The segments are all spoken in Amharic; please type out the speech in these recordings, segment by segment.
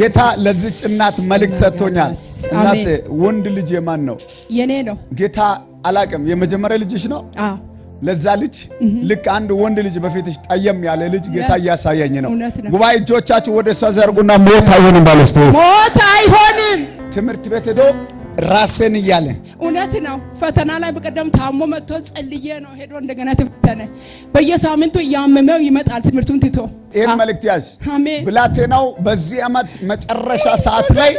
ጌታ ለዚች እናት መልእክት ሰጥቶኛል። እናት ወንድ ልጅ የማን ነው? የኔ ነው። ጌታ አላቅም። የመጀመሪያ ልጅሽ ነው። ለዛ ልጅ ልክ አንድ ወንድ ልጅ በፊትሽ ጠየም ያለ ልጅ ጌታ እያሳያኝ ነው። ጉባኤ እጆቻችሁ ወደ እሷ ዘርጉና ሞት አይሆንም ባለስ ሞት አይሆንም። ትምህርት ቤት ሄዶ ራስን እያለ እውነት ነው። ፈተና ላይ በቀደም ታሞ መጥቶ ጸልዬ ነው ሄዶ እንደገና ተፈተነ። በየሳምንቱ እያመመው ይመጣል ትምህርቱን ትቶ። ይህን መልእክት ያዝ። ብላቴናው በዚህ ዓመት መጨረሻ ሰዓት ላይ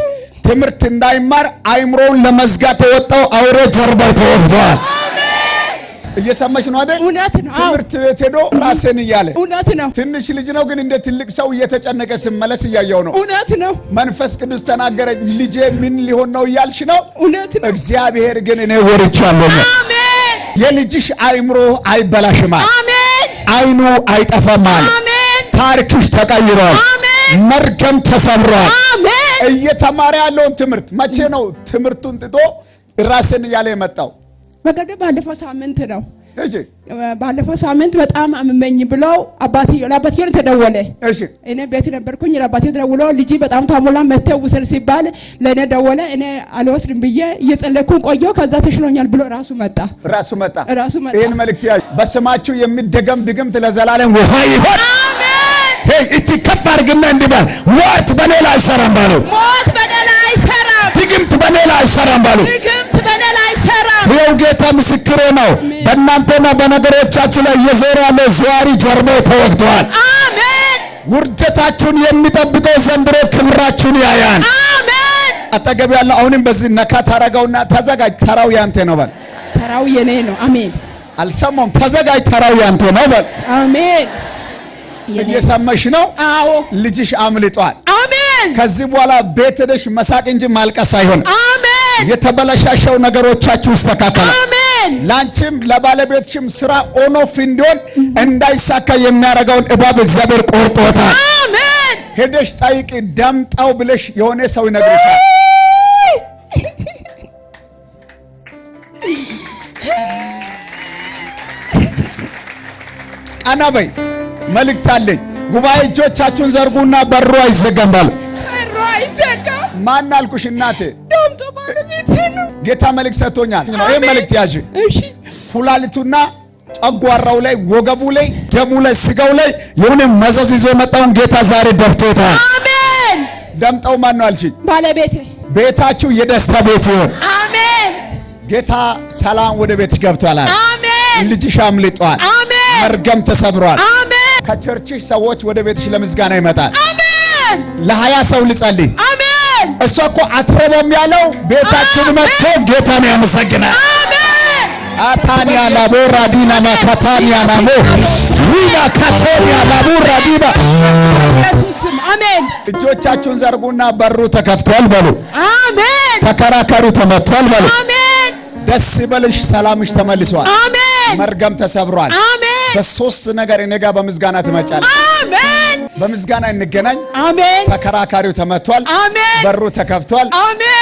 ትምህርት እንዳይማር አይምሮውን ለመዝጋት የወጣው አውሬ ጀርባው ተወግዘዋል። እየሰማሽ ነው አይደል? እውነት ነው። ትምህርት ቤት ሄዶ ራሴን እያለ እውነት ነው። ትንሽ ልጅ ነው ግን እንደ ትልቅ ሰው እየተጨነቀ ስመለስ እያየው ነው። እውነት ነው። መንፈስ ቅዱስ ተናገረ፣ ልጄ ምን ሊሆን ነው እያልሽ ነው። እውነት ነው። እግዚአብሔር ግን እኔ ወርቻለሁ። አሜን። የልጅሽ አይምሮ አይበላሽማል። አሜን። አይኑ አይጠፋማል። አሜን። ታሪክሽ ተቀይሯል። መርገም ተሰብሯል። አሜን። እየተማረ ያለውን ትምህርት መቼ ነው ትምህርቱን ጥጦ ራሴን እያለ የመጣው? በቀደም ባለፈው ሳምንት ነው ባለፈው ሳምንት በጣም አመመኝ ብለው አባትዬው ለአባትዬው ተደወለ። እሺ እኔ ቤት ነበርኩኝ። ለአባትዬው ተደውሎ ልጅ በጣም ታሞላ መተው ውሰድ ሲባል ለእኔ ደወለ። እኔ አልወስድም ብዬ እየጸለኩን ቆየሁ። ከዛ ተሽሎኛል ብሎ ራሱ መጣ ራሱ መጣ ራሱ መጣ። ይሄን መልእክት ያዥ። በስማችሁ የሚደገም ድግምት ለዘላለም ውሃ ይሆን። አሜን። እቺ ከፍ አድርግና እንዲባል ሞት በኔ አይሰራም ባለው ሞት በኔ አይሰራም፣ ድግምት በኔ አይሰራም ባለው ይኸው ጌታ ምስክሬ ነው። በእናንተና በነገሮቻችሁ ላይ እየዞረ ያለው ዘዋሪ ጀርባው ተወግቷል። ውርደታችሁን የሚጠብቀው ዘንድሮ ክብራችሁን ያያል። አጠገብ ያለው አሁንም በዚህ ነካ ታረገውና ተዘጋጅ፣ ተራው ያንተ ነው በል። ተራው የኔ ነው። አሜን። አልሰማሁም። ተዘጋጅ፣ ተራው ያንተ ነው በል። አሜን። እየሰማሽ ነው? አዎ። ልጅሽ አምልጧል። አሜን። ከዚህ በኋላ ቤት ሄደሽ መሳቅ እንጂ ማልቀስ አይሆንም። የተበለሻሸው ነገሮቻችሁ ይስተካከላል። ላንቺም ለባለቤትሽም ስራ ኦኖፍ እንዲሆን እንዳይሳካ የሚያደርገውን እባብ እግዚአብሔር ቆርጦታል። ሄደሽ ጠይቂ። ዳምጣው ብለሽ የሆነ ሰው ይነግርሻል። ቀና በይ። መልእክት አለኝ። ጉባኤ እጆቻችሁን ዘርጉና በሩ አይዘጋም ማን አልኩሽ እናቴ ጌታ መልእክት ሰጥቶኛል። ይህ መልእክት ያዥ። ኩላሊቱና ጨጓራው ላይ ወገቡ ላይ ደሙ ላይ ስጋው ላይ የሆነ መዘዝ ይዞ የመጣውን ጌታ ዛሬ ደፍቶታል። አሜን። ደምጠው ማን ነው አልሽኝ? ባለቤቴ። ቤታችሁ የደስታ ቤት ይሆን። አሜን። ጌታ ሰላም ወደ ቤት ገብቷል። አሜን። ልጅሽ አምልጧል። አሜን። መርገም ተሰብሯል። አሜን። ከቸርችሽ ሰዎች ወደ ቤትሽ ለምስጋና ይመጣል። አሜን። ለሀያ ሰው ልጸልይ። አሜን። እሷ እኮ አትረበም ያለው ቤታችን መጥቶ ጌታን ያመሰግናል። አታንያ ላቦራ ዲና ማካታንያ ናሞ ዊና ካቶንያ ላቦራ ዲና እጆቻችሁን ዘርጉና በሩ ተከፍቷል በሉ። አሜን። ተከራከሩ ተመቷል በሉ። አሜን። ደስ ይበልሽ፣ ሰላምሽ ተመልሷል። አሜን። መርገም ተሰብሯል። በሶስት ነገር እኔ ጋር በምስጋና አሜን። በምስጋና እንገናኝ። አሜን። ተከራካሪው ተመቷል። አሜን። በሩ ተከፍቷል። አሜን።